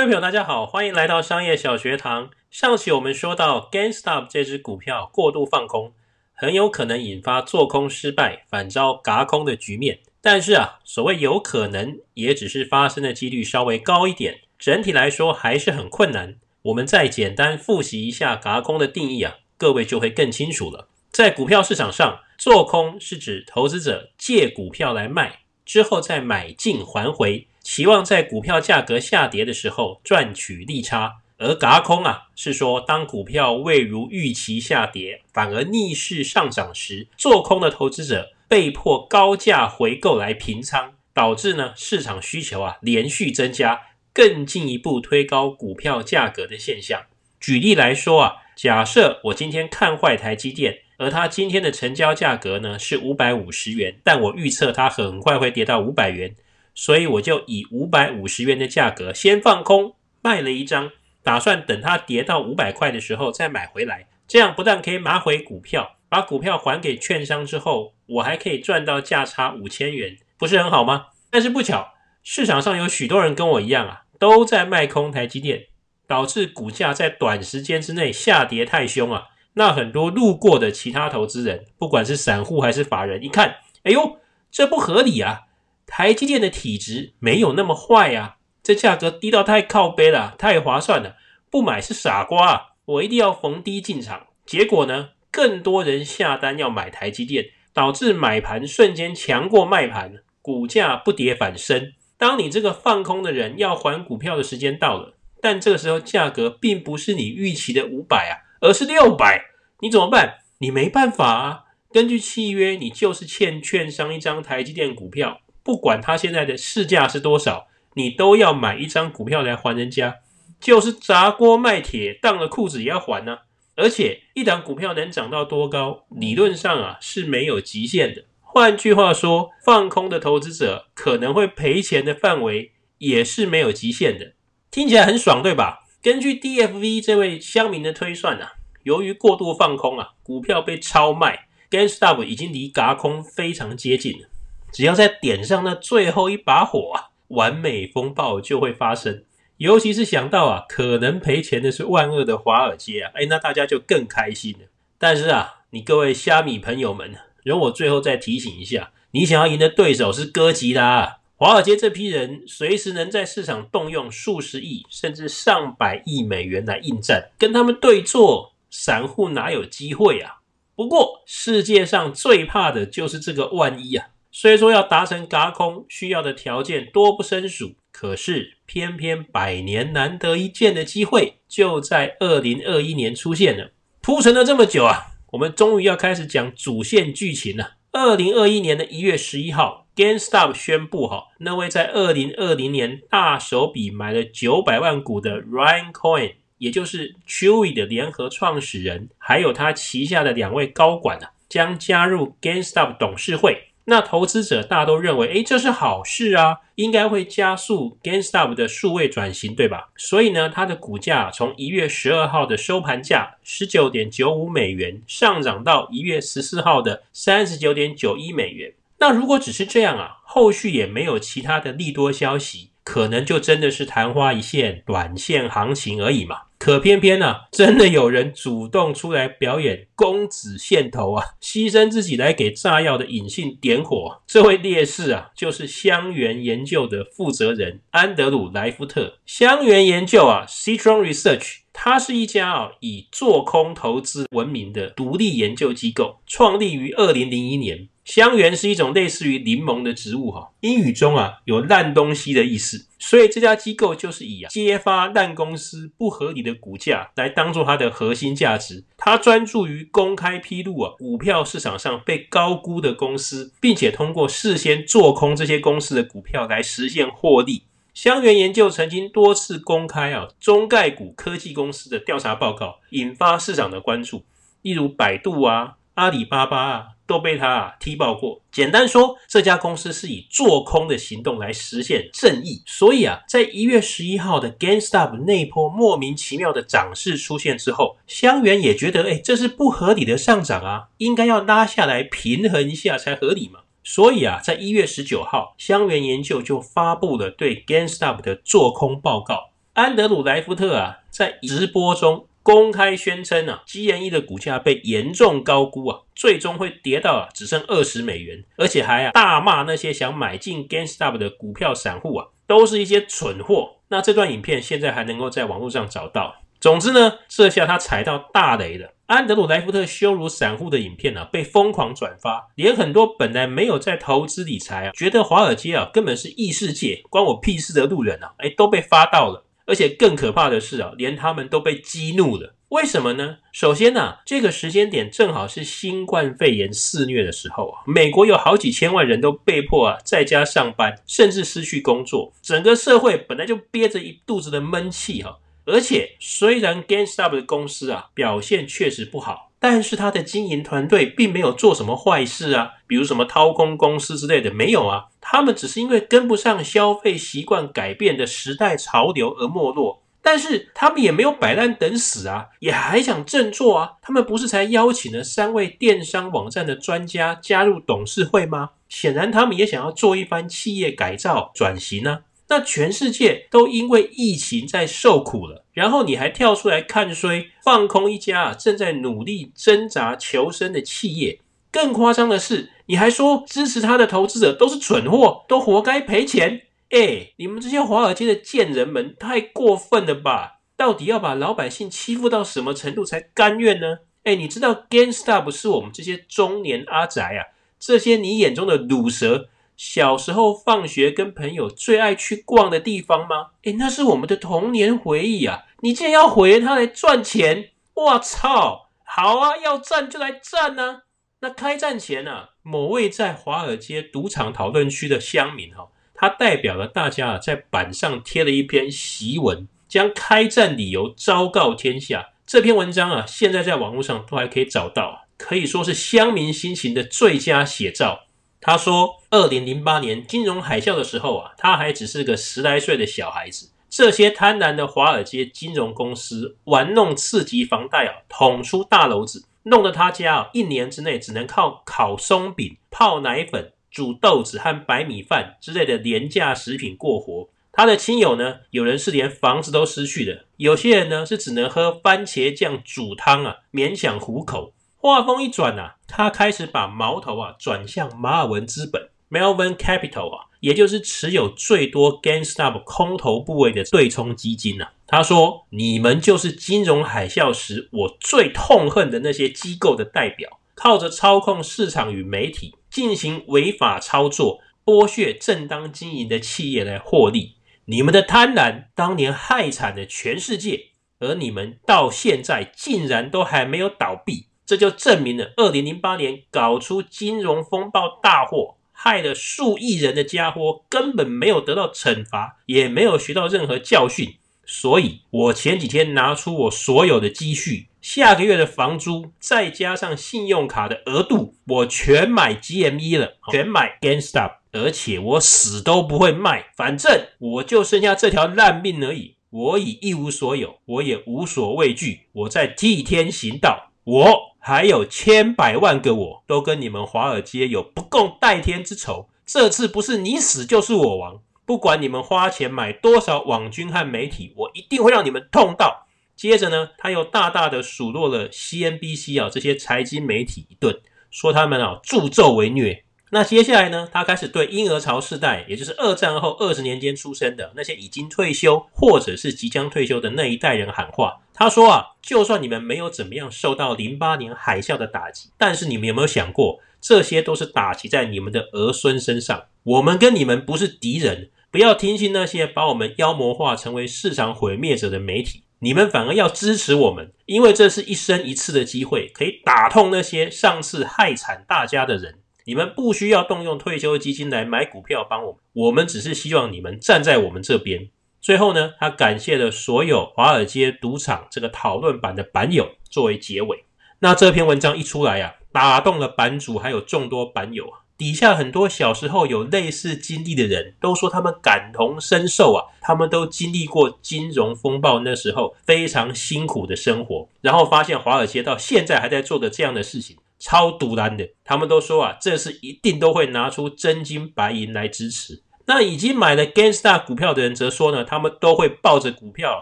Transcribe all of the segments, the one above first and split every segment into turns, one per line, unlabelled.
各位朋友，大家好，歡迎來到商業小學堂。上期我們說到，Gamestop 這隻股票過度放空，很有可能引發做空失敗、反遭軋空的局面。但是啊，所謂有可能，也只是發生的幾率稍微高一點，整體來說還是很困難。我們再簡單複習一下軋空的定義啊，各位就會更清楚了。在股票市場上，做空是指投資者借股票來賣，之後再買進還回。期望在股票價格下跌的時候賺取利差，而軋空啊，是說當股票未如預期下跌，反而逆勢上漲時，做空的投資者被迫高價回購來平倉，導致呢市場需求啊連續增加，更進一步推高股票價格的現象。舉例來說啊，假設我今天看壞台積電，而它今天的成交價格呢是五百五十元，但我預測它很快會跌到五百元。所以我就以五百五十元的價格先放空賣了一張，打算等它跌到五百塊的時候再買回來。這樣不但可以拿回股票，把股票還給券商，之後，我還可以賺到價差五千元，不是很好嗎？但是不巧，市場上有許多人跟我一樣啊，都在賣空台積電，導致股價在短時間之內下跌太兇啊。那很多路過的其他投資人，不管是散戶還是法人，一看，哎喲，這不合理啊！台積電的體質沒有那麼壞啊，這價格低到太靠背了，太划算了，不買是傻瓜啊！我一定要逢低進場。結果呢，更多人下單要買台積電，導致買盤瞬間強過賣盤，股價不跌反升。當你這個放空的人要還股票的時間到了，但這個時候價格並不是你預期的五百啊，而是六百，你怎麼辦？你沒辦法啊，根據契約，你就是欠券商一張台積電股票。不管他現在的市價是多少，你都要買一張股票來還人家，就是砸鍋賣鐵，當了褲子也要還呢、啊。而且一檔股票能漲到多高，理論上啊是沒有極限的。換句話說，放空的投資者可能會賠錢的範圍也是沒有極限的。聽起來很爽，對吧？根據 DFV 這位鄉民的推算啊，由於過度放空啊，股票被超賣，GameStop 已經離軋空非常接近了。只要再點上那最後一把火啊，完美風暴就會發生。尤其是想到啊，可能賠錢的是萬惡的華爾街啊，欸，那大家就更開心了。但是啊，你各位蝦米朋友們，容我最後再提醒一下，你想要贏的對手是哥吉拉，華爾街這批人隨時能在市場動用數十億甚至上百億美元來應戰，跟他們對做，散戶哪有機會啊？不過世界上最怕的就是這個萬一啊。雖說要達成軋空需要的條件多不勝數，可是偏偏百年難得一見的機會就在二零二一年出現了。鋪陳了這麼久啊，我們終於要開始講主線劇情了。二零二一年的一月十一號 GameStop 宣布，哈，那位在二零二零年大手筆買了九百萬股的 Ryan Cohen，也就是 Chewy 的聯合創始人，還有他旗下的兩位高管啊，將加入 GameStop 董事會。那投資者大都認為，誒，這是好事啊，應該會加速 GameStop 的數位轉型，對吧？所以呢，它的股價從一月十二號的收盤價十九點九五美元，上漲到一月十四號的三十九點九一美元。那如果只是這樣啊，後續也沒有其他的利多消息。可能就真的是曇花一現、短線行情而已嘛。可偏偏啊，真的有人主動出來表演“公子獻頭”啊，犧牲自己來給炸藥的引信點火。這位烈士啊，就是香櫞研究的負責人安德魯·萊夫特。香櫞研究啊，Citron Research，它是一家啊以做空投資聞名的獨立研究機構，創立於二零零一年。香櫞是一種類似於檸檬的植物，哈，英語中啊有爛東西的意思，所以這家機構就是以揭發爛公司不合理的股價來當做它的核心價值。它專注於公開披露啊股票市場上被高估的公司，並且通過事先做空這些公司的股票來實現獲利。香櫞研究曾經多次公開啊中概股科技公司的調查報告，引發市場的關注，例如百度啊。阿里巴巴啊都被他啊踢爆過。簡單說，這家公司是以做空的行動來實現正義。所以啊，在一月十一號的 GameStop 那波莫名其妙的漲勢出現之後，香櫞也覺得，哎，這是不合理的上漲啊，應該要拉下來平衡一下才合理嘛。所以啊，在一月十九號，香櫞研究就發布了對 GameStop 的做空報告。安德魯萊夫特啊，在直播中。公開宣稱啊 GME 的股價被嚴重高估啊，最終會跌到啊只剩二十美元，而且還啊大罵那些想買進 GameStop 的股票散戶啊，都是一些蠢貨。那這段影片現在還能夠在網絡上找到。總之呢，這下他踩到大雷了。安德魯萊夫特羞辱散戶的影片啊，被瘋狂轉發，連很多本來沒有在投資理財啊，覺得華爾街啊根本是異世界，關我屁事的路人啊，哎，都被發到了。而且更可怕的是啊，連他們都被激怒了。為什麼呢？首先呢、啊，這個時間點正好是新冠肺炎肆虐的時候啊，美國有好幾千萬人都被迫啊在家上班，甚至失去工作，整個社會本來就憋着一肚子的悶氣哈。而且雖然 GameStop 的公司啊表現確實不好。但是他的經營團隊並沒有做什麼壞事啊，比如什麼掏空公司之類的，沒有啊。他們只是因為跟不上消費習慣改變的時代潮流而沒落，但是他們也沒有擺爛等死啊，也還想振作啊。他們不是才邀請了三位電商網站的專家加入董事會嗎？顯然他們也想要做一番企業改造轉型呢、啊。那全世界都因為疫情在受苦了，然後你還跳出來看衰，放空一家、啊、正在努力掙扎求生的企業。更誇張的是，你還說支持他的投資者都是蠢貨，都活該賠錢。哎，你們這些華爾街的賤人們，太過分了吧？到底要把老百姓欺負到什麼程度才甘願呢？哎，你知道 GameStop 是我們這些中年阿宅啊，這些你眼中的魯蛇。小時候放學跟朋友最愛去逛的地方嗎？哎，那是我們的童年回憶啊！你竟然要毀了它來賺錢，我操！好啊，要戰就來戰啊！那開戰前呢、啊，某位在華爾街賭場討論區的鄉民啊、哦，他代表了大家啊，在板上貼了一篇檄文，將開戰理由昭告天下。這篇文章啊，現在在網絡上都還可以找到，可以說是鄉民心情的最佳寫照。他說：“二零零八年金融海嘯的時候啊，他還只是個十來歲的小孩子。這些貪婪的華爾街金融公司玩弄次級房貸啊，捅出大簍子，弄得他家啊，一年之內只能靠烤鬆餅、泡奶粉、煮豆子和白米飯之類的廉價食品過活。他的親友呢，有人是連房子都失去的，有些人呢是只能喝番茄醬煮湯啊，勉強糊口。”話鋒一轉啊，他開始把矛頭啊轉向馬爾文資本 （Melvin Capital） 啊，也就是持有最多 GameStop 空頭部位的對沖基金吶、啊。他說：“你們就是金融海嘯時我最痛恨的那些機構的代表，靠着操控市場與媒體進行違法操作，剝削正當經營的企業來獲利。你們的貪婪當年害慘了全世界，而你們到現在竟然都還沒有倒閉。”這就證明了，二零零八年搞出金融風暴大禍，害了數億人的家伙，根本沒有得到懲罰，也沒有學到任何教訓。所以，我前幾天拿出我所有的積蓄，下個月的房租，再加上信用卡的額度，我全買 GME 了，全買 GameStop，而且我死都不會賣。反正我就剩下這條爛命而已，我已一無所有，我也無所畏懼。我在替天行道，我。還有千百萬個我都跟你們華爾街有不共戴天之仇，這次不是你死就是我亡。不管你們花錢買多少網軍和媒體，我一定會讓你們痛到。接着呢，他又大大的數落了 CNBC 啊、哦、這些財經媒體一頓，說他們啊、哦、助紂為虐。那接下來呢，他開始對嬰兒潮世代，也就是二戰後二十年間出生的那些已經退休或者是即將退休的那一代人喊話。他說啊，就算你們沒有怎麼樣受到零八年海嘯的打擊，但是你們有沒有想過，這些都是打擊在你們的兒孫身上？我們跟你們不是敵人，不要聽信那些把我們妖魔化成為市場毀滅者的媒體，你們反而要支持我們，因為這是一生一次的機會，可以打痛那些上次害慘大家的人。你們不需要動用退休基金來買股票幫我們，我們只是希望你們站在我們這邊。最後呢，他感謝了所有華爾街賭場這個討論版的版友，作為結尾。那這篇文章一出來呀、啊，打動了版主還有眾多版友啊。底下很多小時候有類似經歷的人，都說他們感同身受啊，他們都經歷過金融風暴那時候非常辛苦的生活，然後發現華爾街到現在還在做的這樣的事情，超毒爛的。他們都說啊，這次一定都會拿出真金白銀來支持。那已經買了 GameStop 股票的人則說呢，他們都會抱着股票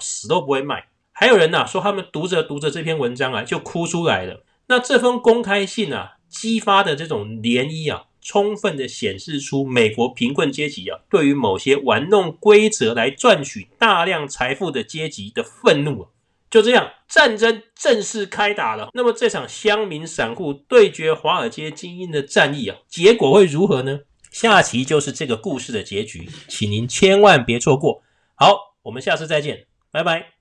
死都不會賣。還有人呢、啊、說，他們讀着讀着這篇文章啊，就哭出來了。那這封公開信啊，激發的這種漣漪啊，充分的顯示出美國貧困階級啊，對於某些玩弄規則來賺取大量財富的階級的憤怒啊。就這樣，戰爭正式開打了。那麼這場鄉民散戶對決華爾街精英的戰役啊，結果會如何呢？下期就是這個故事的結局，請您千萬別錯過。好，我們下次再見，拜拜。